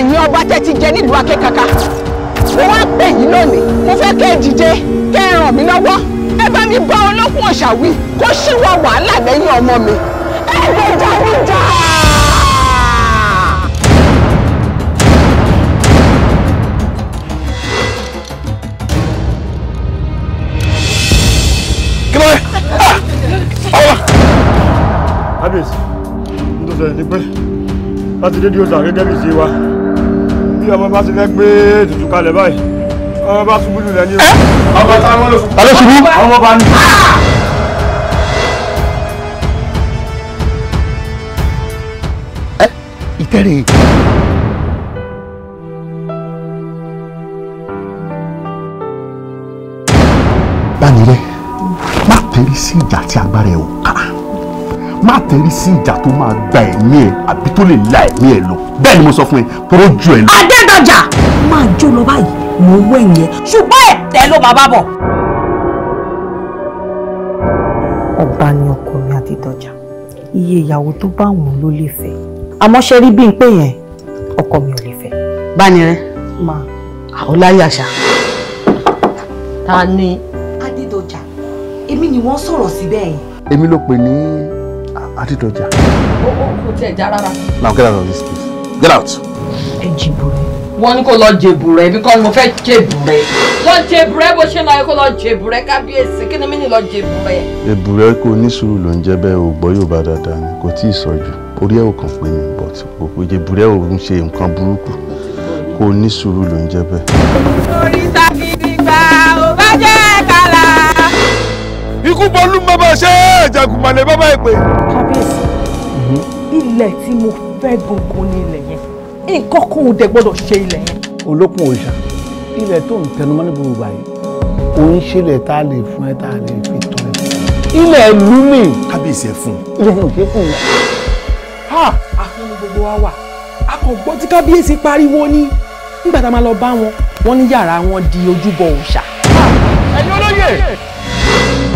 ẹ̀yin ọba tẹ́ ti jẹ nílùú akékaka mo wá pè yín lónìí mo fẹ́ kẹ́ ẹ dìde kẹ́ ẹ ràn mí lọ́wọ́ ẹ bá mi bá olókùn ọ̀ṣà wí kó ṣíwọ́ wàhálà lẹ́yìn ọmọ mi ẹ lè jà mí jà. Ah! kábíyèsí nítorí ẹni pé láti dédé ọjà gẹ́gẹ́ bí ìṣe wa bí ọmọ bá ti fẹ́ gbé tutù kalẹ̀ báyìí ọmọ bá ṣubú lulẹ̀ ní. ọmọ táwọn lọ ṣubú. alẹ́ ṣubú. ọmọ bá ní. ẹ ìtẹ́rẹ̀. báyìí rẹ má tẹ̀lé sí ìjà tí agbára ẹ̀ ò ká má tẹ̀rí sí ìjà tó máa gba ẹ̀mí ẹ̀ àbí tó lè la ẹ̀mí ẹ̀ lọ bẹ́ẹ̀ ni mo sọ fún ẹ tọrọ ẹ lọ. Adédọjà máa jó lọ báyìí mò ń wẹ̀ yẹn ṣùgbọ́n ẹ̀tẹ́ ló máa bá bọ̀. ọba ni ọkọ Adédọjà iye ìyàwó tó bá wọn ló lè fẹ́ àmọ́ ṣe rí bí n pé yẹn ọkọ mi ò lè fẹ́. bánirẹ máa àwọn láyé àṣà ta ni. Adédọjà èmi ni wọ́n sọ̀rọ̀ síbẹ̀ yẹn. èmi ló pè ní Adédọjà. Ó kò tiẹ̀ já rárá. Now get out of this place. Get out. Ẹ jìbò rẹ̀. Wọ́n ní kó lọ jèbù rẹ̀ bí kọ́ mo fẹ́ jèbù rẹ̀. Lọ jèbù rẹ̀ bó ṣe lọ yẹ kó lọ jèbù rẹ̀ kábíyèsí kí ni mí ni lọ jèbù rẹ̀. Jèbù rẹ̀ kò ní sùúrù ló ń jẹ́ bẹ́ẹ̀ ò gbọ́ yóò bá dáadáa ni kò tí ì akúbọlú bàbá ṣe àjàgùnmọ̀lẹ̀ bàbá ìpè. kábíyèsí ilẹ̀ tí mo fẹ́ gbogbo ni ilẹ̀ yẹn nǹkan kan ò dẹ̀ gbọ́dọ̀ ṣe ilẹ̀ yẹn. olókun òòṣà ilẹ̀ tó ń tẹnumọ́ ní gbogbo àyè ò ń ṣẹlẹ̀ tá a lè fún ẹ tá a lè fi tọ́ ẹ. ilẹ̀ ìlú mi. kábíyèsí ẹ fún. ilẹ̀ ìlú mi fún mi. ha àfihàn gbogbo wa wà a kò gbọ́ tí kábíyèsí pariwo ni nígbà tá a máa lọ bá wọn wọn ní yàrá wọn di ojúbọ òòṣà. ẹ̀yin olóyè.